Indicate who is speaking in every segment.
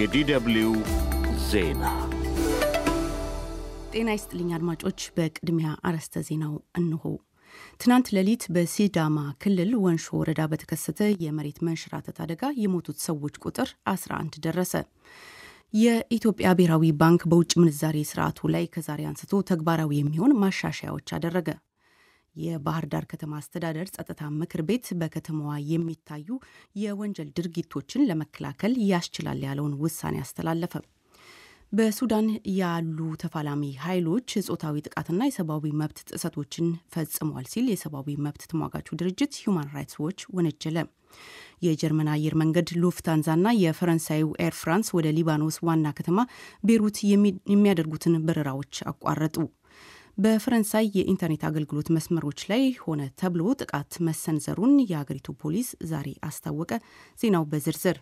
Speaker 1: የዲደብልዩ ዜና ጤና ይስጥልኝ አድማጮች። በቅድሚያ አርዕስተ ዜናው እንሆ። ትናንት ሌሊት በሲዳማ ክልል ወንሾ ወረዳ በተከሰተ የመሬት መንሸራተት አደጋ የሞቱት ሰዎች ቁጥር 11 ደረሰ። የኢትዮጵያ ብሔራዊ ባንክ በውጭ ምንዛሬ ስርዓቱ ላይ ከዛሬ አንስቶ ተግባራዊ የሚሆን ማሻሻያዎች አደረገ። የባህር ዳር ከተማ አስተዳደር ጸጥታ ምክር ቤት በከተማዋ የሚታዩ የወንጀል ድርጊቶችን ለመከላከል ያስችላል ያለውን ውሳኔ አስተላለፈ። በሱዳን ያሉ ተፋላሚ ኃይሎች ጾታዊ ጥቃትና የሰብአዊ መብት ጥሰቶችን ፈጽሟል ሲል የሰብአዊ መብት ተሟጋቹ ድርጅት ሁማን ራይትስ ዎች ወነጀለ። የጀርመን አየር መንገድ ሉፍታንዛና የፈረንሳዩ ኤር ፍራንስ ወደ ሊባኖስ ዋና ከተማ ቤሩት የሚያደርጉትን በረራዎች አቋረጡ። በፈረንሳይ የኢንተርኔት አገልግሎት መስመሮች ላይ ሆነ ተብሎ ጥቃት መሰንዘሩን የአገሪቱ ፖሊስ ዛሬ አስታወቀ። ዜናው በዝርዝር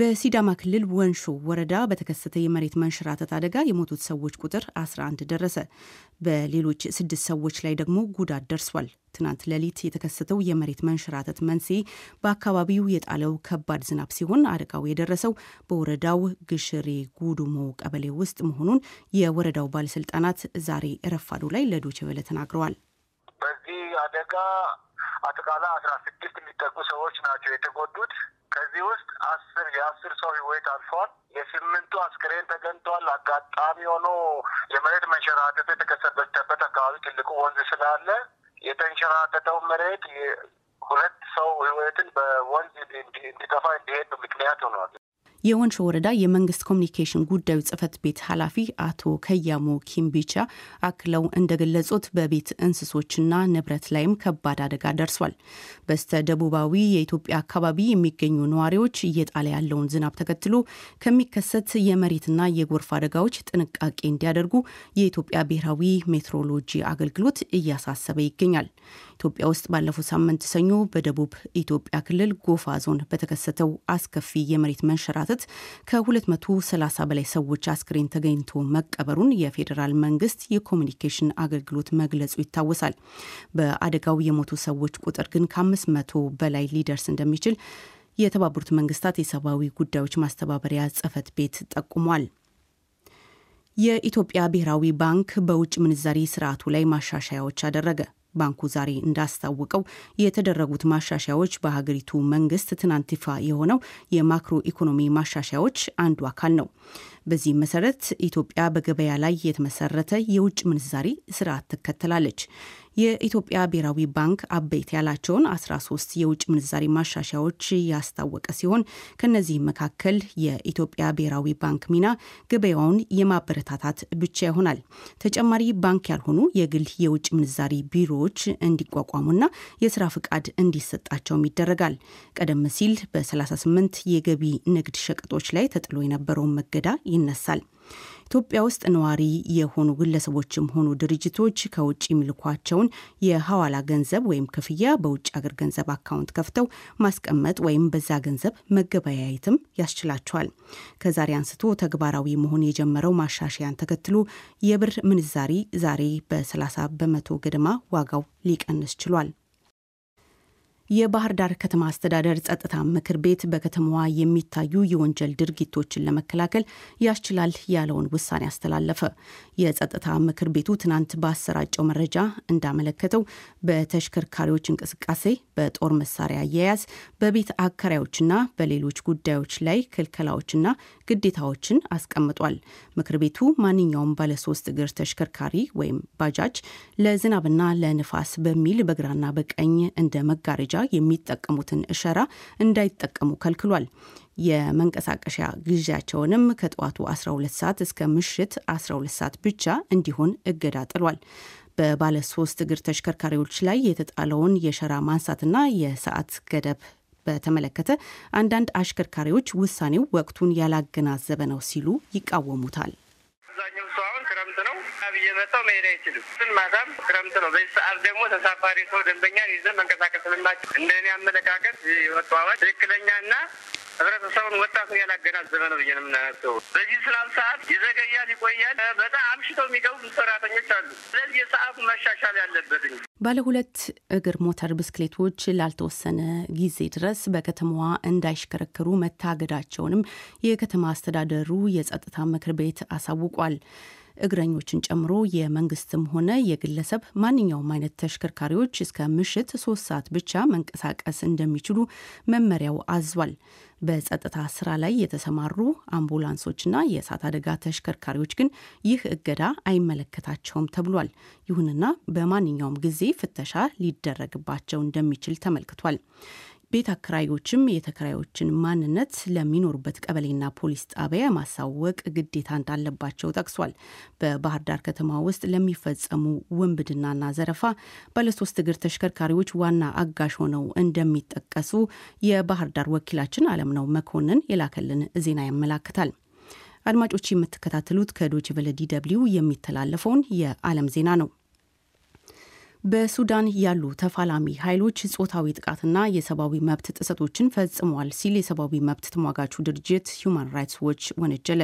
Speaker 1: በሲዳማ ክልል ወንሾ ወረዳ በተከሰተ የመሬት መንሸራተት አደጋ የሞቱት ሰዎች ቁጥር 11 ደረሰ። በሌሎች ስድስት ሰዎች ላይ ደግሞ ጉዳት ደርሷል። ትናንት ሌሊት የተከሰተው የመሬት መንሸራተት መንስኤ በአካባቢው የጣለው ከባድ ዝናብ ሲሆን አደጋው የደረሰው በወረዳው ግሽሬ ጉዱሞ ቀበሌ ውስጥ መሆኑን የወረዳው ባለስልጣናት ዛሬ ረፋዱ ላይ ለዶችበለ ተናግረዋል። በዚህ አደጋ አጠቃላይ አስራ ስድስት የሚጠጉ ሰዎች ናቸው የተጎዱት። ከዚህ ውስጥ አስር የአስር ሰው ህይወት አልፏል። የስምንቱ አስክሬን ተገኝቷል። አጋጣሚ ሆኖ የመሬት መንሸራተት የተከሰተበት አካባቢ ትልቁ ወንዝ ስላለ የተንሸራተተው መሬት ሁለት ሰው ህይወትን በወንዝ እንዲጠፋ እንዲሄድ ምክንያት ሆኗል። የወንሾ ወረዳ የመንግስት ኮሚኒኬሽን ጉዳዮች ጽህፈት ቤት ኃላፊ አቶ ከያሞ ኪምቢቻ አክለው እንደገለጹት በቤት እንስሶችና ንብረት ላይም ከባድ አደጋ ደርሷል። በስተ ደቡባዊ የኢትዮጵያ አካባቢ የሚገኙ ነዋሪዎች እየጣለ ያለውን ዝናብ ተከትሎ ከሚከሰት የመሬትና የጎርፍ አደጋዎች ጥንቃቄ እንዲያደርጉ የኢትዮጵያ ብሔራዊ ሜትሮሎጂ አገልግሎት እያሳሰበ ይገኛል። ኢትዮጵያ ውስጥ ባለፈው ሳምንት ሰኞ በደቡብ ኢትዮጵያ ክልል ጎፋ ዞን በተከሰተው አስከፊ የመሬት መንሸራተት ከ230 በላይ ሰዎች አስክሬን ተገኝቶ መቀበሩን የፌዴራል መንግስት የኮሚኒኬሽን አገልግሎት መግለጹ ይታወሳል። በአደጋው የሞቱ ሰዎች ቁጥር ግን ከ500 በላይ ሊደርስ እንደሚችል የተባበሩት መንግስታት የሰብአዊ ጉዳዮች ማስተባበሪያ ጽህፈት ቤት ጠቁሟል። የኢትዮጵያ ብሔራዊ ባንክ በውጭ ምንዛሪ ስርዓቱ ላይ ማሻሻያዎች አደረገ። ባንኩ ዛሬ እንዳስታወቀው የተደረጉት ማሻሻያዎች በሀገሪቱ መንግስት ትናንት ይፋ የሆነው የማክሮ ኢኮኖሚ ማሻሻያዎች አንዱ አካል ነው። በዚህም መሰረት ኢትዮጵያ በገበያ ላይ የተመሰረተ የውጭ ምንዛሪ ስርዓት ትከተላለች። የኢትዮጵያ ብሔራዊ ባንክ አበይት ያላቸውን 13 የውጭ ምንዛሪ ማሻሻያዎች ያስታወቀ ሲሆን ከነዚህም መካከል የኢትዮጵያ ብሔራዊ ባንክ ሚና ገበያውን የማበረታታት ብቻ ይሆናል። ተጨማሪ ባንክ ያልሆኑ የግል የውጭ ምንዛሪ ቢሮዎች እንዲቋቋሙና የስራ ፍቃድ እንዲሰጣቸውም ይደረጋል። ቀደም ሲል በ38 የገቢ ንግድ ሸቀጦች ላይ ተጥሎ የነበረውን መገዳ ይነሳል። ኢትዮጵያ ውስጥ ነዋሪ የሆኑ ግለሰቦችም ሆኑ ድርጅቶች ከውጭ የሚልኳቸውን የሐዋላ ገንዘብ ወይም ክፍያ በውጭ አገር ገንዘብ አካውንት ከፍተው ማስቀመጥ ወይም በዛ ገንዘብ መገበያየትም ያስችላቸዋል። ከዛሬ አንስቶ ተግባራዊ መሆን የጀመረው ማሻሻያን ተከትሎ የብር ምንዛሪ ዛሬ በ30 በመቶ ገደማ ዋጋው ሊቀንስ ችሏል። የባህር ዳር ከተማ አስተዳደር ጸጥታ ምክር ቤት በከተማዋ የሚታዩ የወንጀል ድርጊቶችን ለመከላከል ያስችላል ያለውን ውሳኔ አስተላለፈ። የጸጥታ ምክር ቤቱ ትናንት ባሰራጨው መረጃ እንዳመለከተው በተሽከርካሪዎች እንቅስቃሴ፣ በጦር መሳሪያ አያያዝ፣ በቤት አከራዮችና በሌሎች ጉዳዮች ላይ ክልከላዎችና ግዴታዎችን አስቀምጧል። ምክር ቤቱ ማንኛውም ባለሶስት እግር ተሽከርካሪ ወይም ባጃጅ ለዝናብና ለንፋስ በሚል በግራና በቀኝ እንደ መጋረጃ የሚጠቀሙትን እሸራ እንዳይጠቀሙ ከልክሏል። የመንቀሳቀሻ ጊዜያቸውንም ከጠዋቱ 12 ሰዓት እስከ ምሽት 12 ሰዓት ብቻ እንዲሆን እገዳ ጥሏል። በባለ ሶስት እግር ተሽከርካሪዎች ላይ የተጣለውን የሸራ ማንሳትና የሰዓት ገደብ በተመለከተ አንዳንድ አሽከርካሪዎች ውሳኔው ወቅቱን ያላገናዘበ ነው ሲሉ ይቃወሙታል። እየመጣው መሄድ አይችልም። ግን ማታም ክረምት ነው። በዚህ ሰዓት ደግሞ ተሳፋሪ ሰው ደንበኛን ይዘን መንቀሳቀስ ልናቸው እንደ እኔ አመለካከት ወጥዋዋች ትክክለኛና ህብረተሰቡን ወጣቱን ያላገናዘበ ነው ብዬ ነው በዚህ ስላም ሰዓት ይዘገያል፣ ይቆያል። በጣም አምሽቶ የሚገቡ ሰራተኞች አሉ። ስለዚህ የሰዓቱ መሻሻል ያለበትኝ ባለ ሁለት እግር ሞተር ብስክሌቶች ላልተወሰነ ጊዜ ድረስ በከተማዋ እንዳይሽከረከሩ መታገዳቸውንም የከተማ አስተዳደሩ የጸጥታ ምክር ቤት አሳውቋል። እግረኞችን ጨምሮ የመንግስትም ሆነ የግለሰብ ማንኛውም አይነት ተሽከርካሪዎች እስከ ምሽት ሶስት ሰዓት ብቻ መንቀሳቀስ እንደሚችሉ መመሪያው አዟል። በጸጥታ ስራ ላይ የተሰማሩ አምቡላንሶችና የእሳት አደጋ ተሽከርካሪዎች ግን ይህ እገዳ አይመለከታቸውም ተብሏል። ይሁንና በማንኛውም ጊዜ ፍተሻ ሊደረግባቸው እንደሚችል ተመልክቷል። ቤት አከራዮችም የተከራዮችን ማንነት ለሚኖሩበት ቀበሌና ፖሊስ ጣቢያ ማሳወቅ ግዴታ እንዳለባቸው ጠቅሷል። በባህር ዳር ከተማ ውስጥ ለሚፈጸሙ ውንብድናና ዘረፋ ባለሶስት እግር ተሽከርካሪዎች ዋና አጋሽ ሆነው እንደሚጠቀሱ የባህር ዳር ወኪላችን አለምነው መኮንን የላከልን ዜና ያመላክታል። አድማጮች የምትከታተሉት ከዶች ቨለ ዲ ደብልዩ የሚተላለፈውን የዓለም ዜና ነው። በሱዳን ያሉ ተፋላሚ ኃይሎች ጾታዊ ጥቃትና የሰብአዊ መብት ጥሰቶችን ፈጽመዋል ሲል የሰብአዊ መብት ተሟጋቹ ድርጅት ሁማን ራይትስ ዎች ወነጀለ።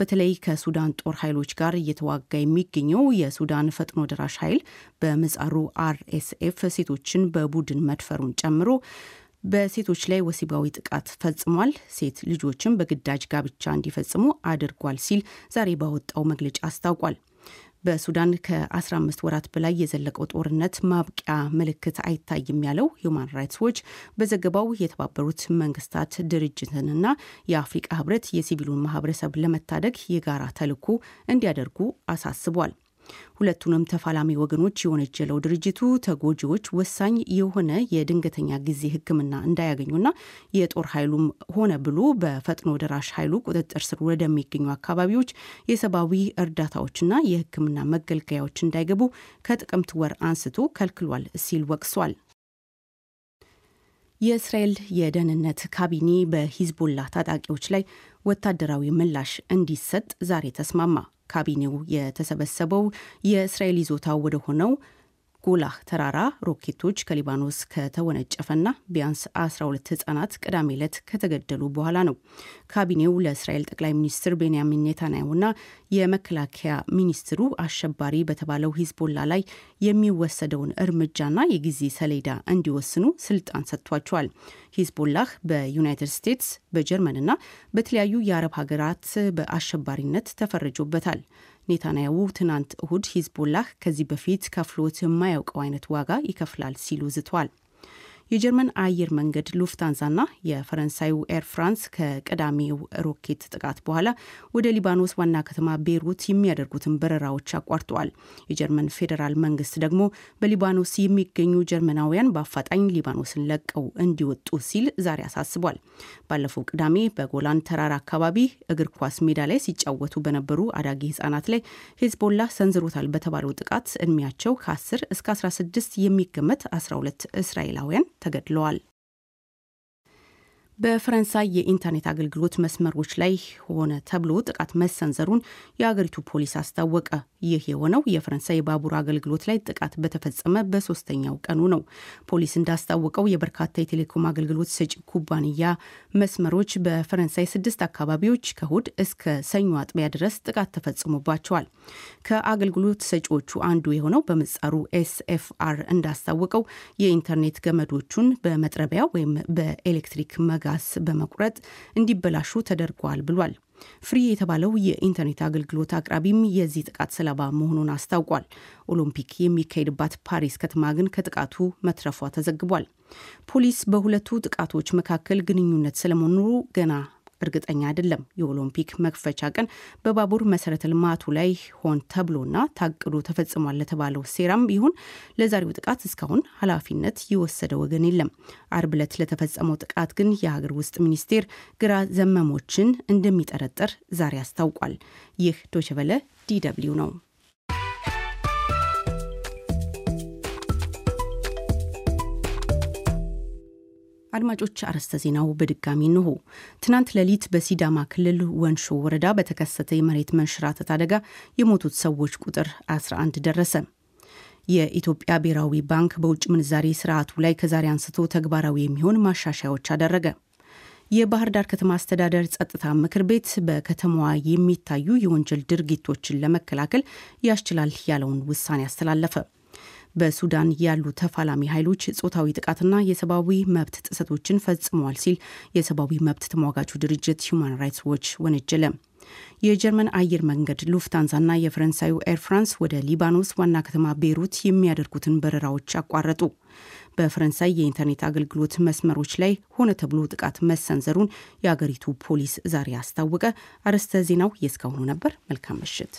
Speaker 1: በተለይ ከሱዳን ጦር ኃይሎች ጋር እየተዋጋ የሚገኘው የሱዳን ፈጥኖ ደራሽ ኃይል በምጻሩ አርኤስኤፍ ሴቶችን በቡድን መድፈሩን ጨምሮ በሴቶች ላይ ወሲባዊ ጥቃት ፈጽሟል፣ ሴት ልጆችን በግዳጅ ጋብቻ እንዲፈጽሙ አድርጓል ሲል ዛሬ ባወጣው መግለጫ አስታውቋል። በሱዳን ከ15 ወራት በላይ የዘለቀው ጦርነት ማብቂያ ምልክት አይታይም ያለው ሁማን ራይትስ ዎች በዘገባው የተባበሩት መንግስታት ድርጅትንና የአፍሪቃ ህብረት የሲቪሉን ማህበረሰብ ለመታደግ የጋራ ተልኩ እንዲያደርጉ አሳስቧል። ሁለቱንም ተፋላሚ ወገኖች የወነጀለው ድርጅቱ ተጎጂዎች ወሳኝ የሆነ የድንገተኛ ጊዜ ህክምና እንዳያገኙና የጦር ኃይሉም ሆነ ብሎ በፈጥኖ ደራሽ ኃይሉ ቁጥጥር ስር ወደሚገኙ አካባቢዎች የሰብአዊ እርዳታዎችና የህክምና መገልገያዎች እንዳይገቡ ከጥቅምት ወር አንስቶ ከልክሏል ሲል ወቅሷል። የእስራኤል የደህንነት ካቢኔ በሂዝቦላ ታጣቂዎች ላይ ወታደራዊ ምላሽ እንዲሰጥ ዛሬ ተስማማ። ካቢኔው የተሰበሰበው የእስራኤል ይዞታ ወደ ሆነው ጉላህ ተራራ ሮኬቶች ከሊባኖስ ከተወነጨፈና ቢያንስ 12 ህጻናት ቅዳሜ ዕለት ከተገደሉ በኋላ ነው። ካቢኔው ለእስራኤል ጠቅላይ ሚኒስትር ቤንያሚን ኔታንያሁና የመከላከያ ሚኒስትሩ አሸባሪ በተባለው ሂዝቦላ ላይ የሚወሰደውን እርምጃና የጊዜ ሰሌዳ እንዲወስኑ ስልጣን ሰጥቷቸዋል። ሂዝቦላህ በዩናይትድ ስቴትስ በጀርመንና በተለያዩ የአረብ ሀገራት በአሸባሪነት ተፈርጆበታል። ኔታንያሁ ትናንት እሁድ ሂዝቦላህ ከዚህ በፊት ከፍሎት የማያውቀው አይነት ዋጋ ይከፍላል ሲሉ ዝቷል። የጀርመን አየር መንገድ ሉፍታንዛና የፈረንሳዩ ኤር ፍራንስ ከቀዳሚው ሮኬት ጥቃት በኋላ ወደ ሊባኖስ ዋና ከተማ ቤይሩት የሚያደርጉትን በረራዎች አቋርጠዋል። የጀርመን ፌዴራል መንግስት ደግሞ በሊባኖስ የሚገኙ ጀርመናውያን በአፋጣኝ ሊባኖስን ለቀው እንዲወጡ ሲል ዛሬ አሳስቧል። ባለፈው ቅዳሜ በጎላን ተራራ አካባቢ እግር ኳስ ሜዳ ላይ ሲጫወቱ በነበሩ አዳጊ ህጻናት ላይ ሄዝቦላ ሰንዝሮታል በተባለው ጥቃት ዕድሜያቸው ከ10 እስከ 16 የሚገመት 12 እስራኤላውያን ተገድለዋል። በፈረንሳይ የኢንተርኔት አገልግሎት መስመሮች ላይ ሆነ ተብሎ ጥቃት መሰንዘሩን የአገሪቱ ፖሊስ አስታወቀ። ይህ የሆነው የፈረንሳይ ባቡር አገልግሎት ላይ ጥቃት በተፈጸመ በሶስተኛው ቀኑ ነው። ፖሊስ እንዳስታወቀው የበርካታ የቴሌኮም አገልግሎት ሰጪ ኩባንያ መስመሮች በፈረንሳይ ስድስት አካባቢዎች ከእሁድ እስከ ሰኞ አጥቢያ ድረስ ጥቃት ተፈጽሞባቸዋል። ከአገልግሎት ሰጪዎቹ አንዱ የሆነው በምጻሩ ኤስኤፍአር እንዳስታወቀው የኢንተርኔት ገመዶቹን በመጥረቢያ ወይም በኤሌክትሪክ መጋስ በመቁረጥ እንዲበላሹ ተደርጓል ብሏል። ፍሪ የተባለው የኢንተርኔት አገልግሎት አቅራቢም የዚህ ጥቃት ሰለባ መሆኑን አስታውቋል። ኦሎምፒክ የሚካሄድባት ፓሪስ ከተማ ግን ከጥቃቱ መትረፏ ተዘግቧል። ፖሊስ በሁለቱ ጥቃቶች መካከል ግንኙነት ስለመኖሩ ገና እርግጠኛ አይደለም። የኦሎምፒክ መክፈቻ ቀን በባቡር መሰረተ ልማቱ ላይ ሆን ተብሎና ታቅዶ ተፈጽሟል ለተባለው ሴራም ይሁን ለዛሬው ጥቃት እስካሁን ኃላፊነት የወሰደ ወገን የለም። አርብ ዕለት ለተፈጸመው ጥቃት ግን የሀገር ውስጥ ሚኒስቴር ግራ ዘመሞችን እንደሚጠረጠር ዛሬ አስታውቋል። ይህ ዶችቨለ ዲ ደብልዩ ነው። አድማጮች አርስተ ዜናው በድጋሚ ንሁ ትናንት ሌሊት በሲዳማ ክልል ወንሾ ወረዳ በተከሰተ የመሬት መንሸራተት አደጋ የሞቱት ሰዎች ቁጥር 11 ደረሰ። የኢትዮጵያ ብሔራዊ ባንክ በውጭ ምንዛሬ ስርዓቱ ላይ ከዛሬ አንስቶ ተግባራዊ የሚሆን ማሻሻያዎች አደረገ። የባህር ዳር ከተማ አስተዳደር ጸጥታ ምክር ቤት በከተማዋ የሚታዩ የወንጀል ድርጊቶችን ለመከላከል ያስችላል ያለውን ውሳኔ አስተላለፈ። በሱዳን ያሉ ተፋላሚ ኃይሎች ጾታዊ ጥቃትና የሰብአዊ መብት ጥሰቶችን ፈጽመዋል ሲል የሰብአዊ መብት ተሟጋቹ ድርጅት ሁማን ራይትስ ዎች ወነጀለ። የጀርመን አየር መንገድ ሉፍታንዛና የፈረንሳዩ ኤር ፍራንስ ወደ ሊባኖስ ዋና ከተማ ቤይሩት የሚያደርጉትን በረራዎች አቋረጡ። በፈረንሳይ የኢንተርኔት አገልግሎት መስመሮች ላይ ሆነ ተብሎ ጥቃት መሰንዘሩን የአገሪቱ ፖሊስ ዛሬ አስታወቀ። አርዕስተ ዜናው የእስካሁኑ ነበር። መልካም ምሽት።